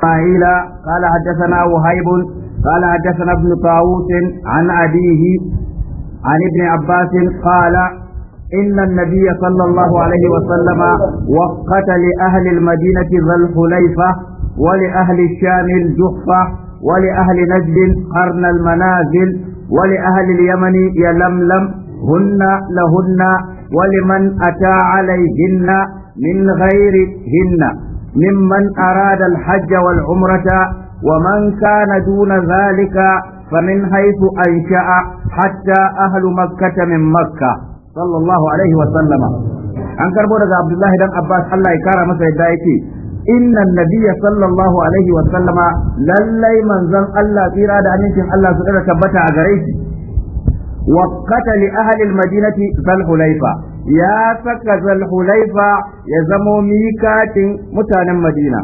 إسماعيل قال حدثنا وهيب قال حدثنا ابن طاووس عن أبيه عن ابن عباس قال إن النبي صلى الله عليه وسلم وقت لأهل المدينة ذا الحليفة ولأهل الشام الجحفة ولأهل نجد قرن المنازل ولأهل اليمن يلملم هن لهن ولمن أتى عليهن من غيرهن ممن أراد الحج والعمرة ومن كان دون ذلك فمن حيث أنشأ حتى أهل مكة من مكة صلى الله عليه وسلم عن كربورة عبد الله بن عباس الله يكرم مسجد inna nabiyya sallallahu alaihi wa lallai manzon Allah tsira da amincin Allah su dara tabbata a gare shi wa qatali madinati zal hulaifa ya saka zalhulaifa ya zamo mikatin mutanen madina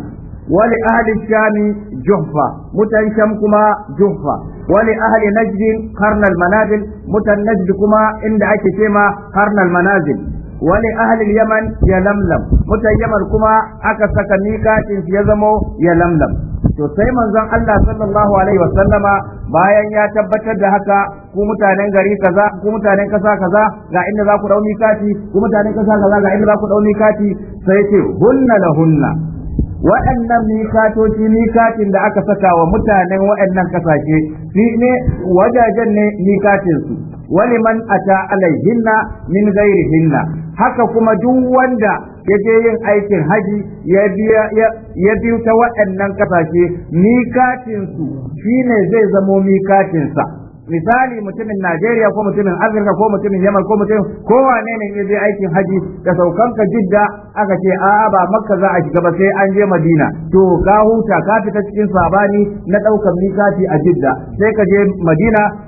wali ahli shami juhfa mutan sham kuma juhfa wali ahli najd karnal manazil mutan najd kuma inda ake cema karnal manazil wali ahli yaman ya lamlam mutan yaman kuma aka saka mikatin ya zamo ya lamlam to sai manzon Allah sallallahu alaihi wasallama bayan ya tabbatar da haka ku mutanen gari kaza ku mutanen kasa kaza ga inda za ku dauni kati ku mutanen kasa kaza ga inda za ku dauni kati sai ce hunna lahunna waɗannan mikatoci mikatin da aka saka wa mutanen waɗannan kasashe shi ne wajajen ne mikatin su waliman ata alaihinna min hinna. haka kuma duk wanda ya je yin aikin haji ya biyu ta waɗannan kasashe mikatinsu ne zai zamo mikatinsa misali mutumin Najeriya ko mutumin Afirka ko mutumin Yaman ko mutumin kowa ne ne zai aikin haji da saukan ka jidda aka ce a ba makka za a shiga ba sai an je Madina to ka huta ka fita cikin sabani na ɗaukar mikati a jidda sai ka je Madina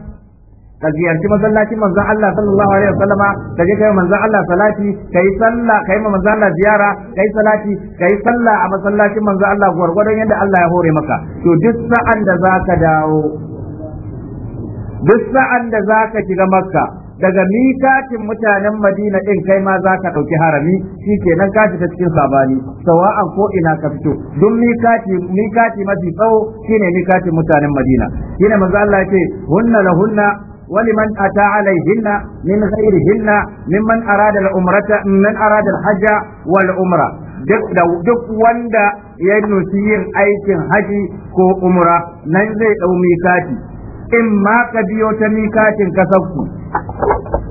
ka ziyarci masallacin manzon Allah sallallahu alaihi wasallam ka je kai manzon Allah salati kai sallah kai ma manzon Allah ziyara kai salati kai sallah a masallacin manzon Allah gurgurdan yadda Allah ya hore maka to duk sa'an da zaka dawo duk sa'an da zaka shiga makka daga mikatin mutanen madina din kai ma za ka ɗauki harami shi kenan ka fita cikin sabani sawa'an ko ina ka fito don mikati mikati mafi tsawo shine mikatin mutanen madina shine manzo Allah yake hunna lahunna ولمن أتى عليهن من غيرهن ممن أراد العمرة من أراد الحج والعمرة duk wanda ya nufi yin aikin haji ko umra nan zai ɗau mikati in ma ka biyo ta mikatin kasarku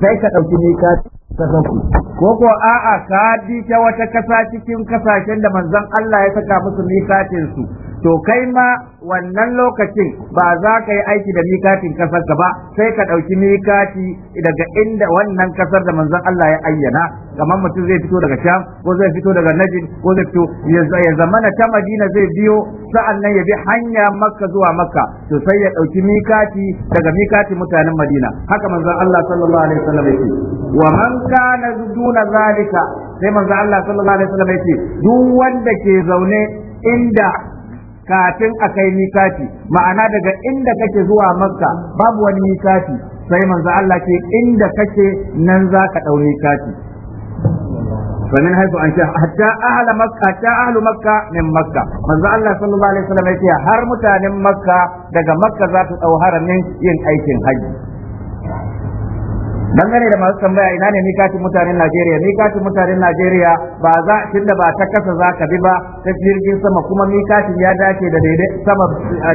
sai ka ɗauki mikati ko ko a'a ka bi ta wata kasa cikin kasashen da manzon Allah ya saka musu mikatin su to kai ma wannan lokacin ba za ka yi aiki da mikatin kasar ka ba sai ka ɗauki mikati daga inda wannan kasar da manzon Allah ya ayyana kamar mutum zai fito daga sham ko zai fito daga najin ko zai fito ya zamana ta madina zai biyo sa'an nan ya bi hanya makka zuwa makka to sai ya ɗauki mikati daga mikati mutanen madina haka manzon Allah sallallahu alaihi wasallam yake wa man kana duna zalika sai manzon Allah sallallahu alaihi wasallam yake duk wanda ke zaune inda kafin a kai mikati ma'ana daga inda kake zuwa makka babu wani mikati sai manzo Allah ke inda kake nan za ka mikati فمن حيث أنشأ حتى أهل مكة حتى أهل مكة من مكة من ذا الله صلى الله عليه وسلم يتي هر متان مكة دقا مكة ذات أو هرمين ين أيكين حج dangane da masu tambaya ina ne mikatin mutanen Najeriya mikatin mutanen Najeriya ba za tunda ba ta kasa za ka bi ba ta jirgin sama kuma mikatin ya dace da daidai sama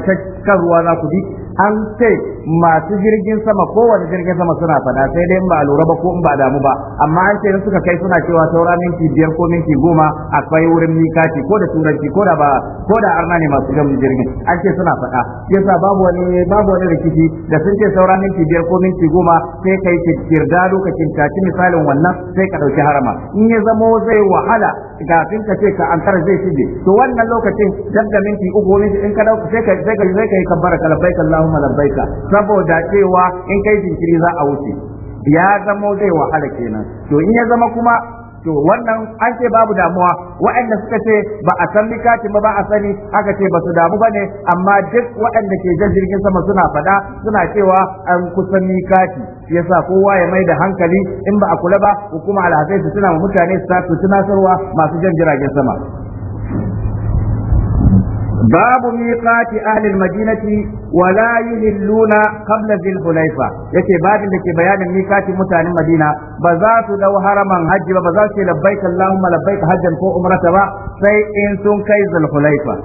ta kan ruwa za ku bi an ce masu jirgin sama kowane jirgin sama suna fada sai dai ba lura ba ko in ba damu ba amma an ce in suka kai suna cewa saura minti biyar ko minti goma akwai wurin mikati ko da turanci ko da ba ko da arna ne masu gamin jirgin an ce suna fada yasa babu wani babu wani rikici da sun ce saura minti biyar ko minti goma sai kai kirda lokacin taci misalin wannan sai ka dauki harama in ya zamo zai wahala kin ka ce ka ankara zai shige to wannan lokacin da minti uku ne in ka dauka sai ka sai ka sai ka yi kabbara ka allahumma labbaika saboda cewa in kai jinkiri za a wuce ya zamo zai wahala kenan to in ya zama kuma to wannan an ce babu damuwa waɗanda suka ce ba a san likatin ba ba a sani aka ce ba su damu ba ne amma duk waɗanda ke jan jirgin sama suna faɗa suna cewa an kusan likaci shi sa kowa ya mai da hankali in ba a kula ba hukuma alhazai su tuna mutane su nasarwa masu jan jiragen sama babu miqati ahli almadinati wa la yuhilluna qabla dhil hulaifa yake babin da ke bayanin miqati mutanen madina ba za su dau haraman hajji ba ba za su ce labbaik allahumma labbaik hajjan ko umrata ba sai in sun kai dhil hulaifa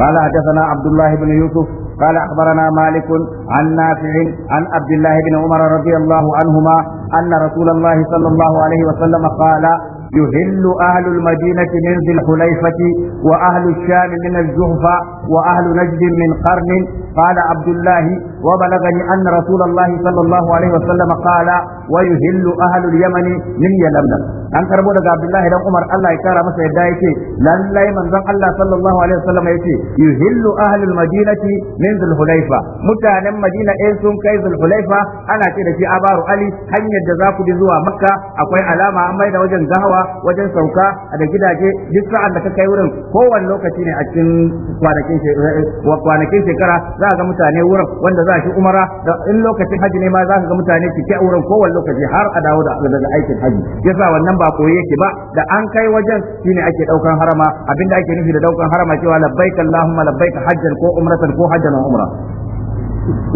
قال حدثنا عبد الله بن يوسف قال أخبرنا مالك عن نافع عن عبد الله بن عمر رضي الله عنهما أن رسول الله صلى الله عليه وسلم قال يهل أهل المدينة من ذي الحليفة وأهل الشام من الزهفة وأهل نجد من قرن قال عبد الله وبلغني أن رسول الله صلى الله عليه وسلم قال ويهل أهل اليمن من يلملم an karbo daga Abdullahi dan Umar Allah ya kara masa yadda yake lallai manzon Allah sallallahu alaihi wasallam yake yuhillu ahlul madinati min Hulaifa. mutanen Madina sun kai Hulaifa, ana ce da shi abaru ali hanyar da za ku bi zuwa Makka akwai alama an maida wajen gahawa wajen sauka da gidaje duk sa'an da ka kai wurin kowanne lokaci ne a cikin kwanakin kwanakin shekara za ga mutane wurin wanda za shi umara da in lokacin haji ne ma za ga mutane cike a wurin kowane lokaci har a dawo da daga aikin haji yasa wannan ba koyi yake ba da an kai wajen shine ake daukan harama abinda ake nufi da daukan harama cewa labbaik allahumma labbaik hajjan ko umratan ko hajjan umra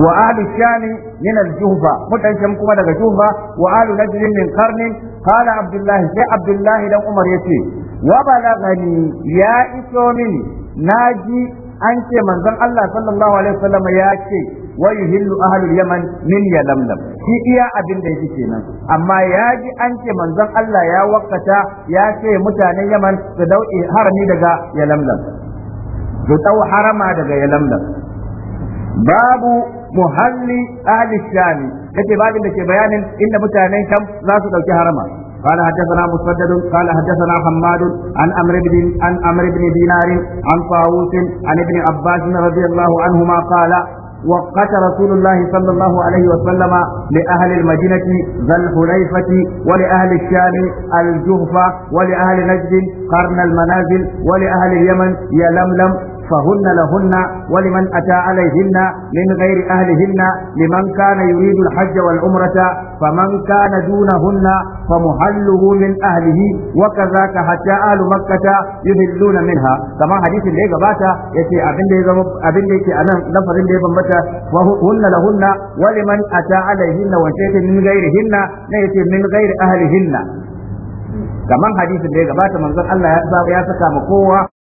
wa ahli shami min al-juhfa mutan kuma daga juhfa wa ahli najd min qarn qala abdullah sai abdullah dan umar yace wa balagani ya iso mini naji an ce manzon Allah sallallahu alaihi wasallam ya ce wa yuhillu ahlul yaman min yalamlam shi iya abin da yake kenan amma ya ji an ce manzon Allah ya wakkata ya ce mutanen yaman su dauki harami daga yalamlam su dau harama daga yalamlam babu muhalli ahli shami yace babin da ke bayanin inda mutanen kam za su dauki harama قال حدثنا مسدد قال حدثنا حماد عن عمرو بن عن عمرو بن دينار عن طاووس عن ابن عباس رضي الله عنهما قال وقت رسول الله صلى الله عليه وسلم لأهل المدينة ذا الحليفة ولأهل الشام الجهفة ولأهل نجد قرن المنازل ولأهل اليمن يلملم فهن لهن ولمن أتى عليهن من غير أهلهن لمن كان يريد الحج والعمرة فمن كان دونهن فمحله من أهله وكذاك حتى أهل مكة يهلون منها كما حديث اللي قباتا يتي أبن دي أبن دي أنا نفر دي بمتا وهن لهن ولمن أتى عليهن وشيء من غيرهن نيتي من غير أهلهن كما حديث اللي قباتا منظر الله يا سكا مقوة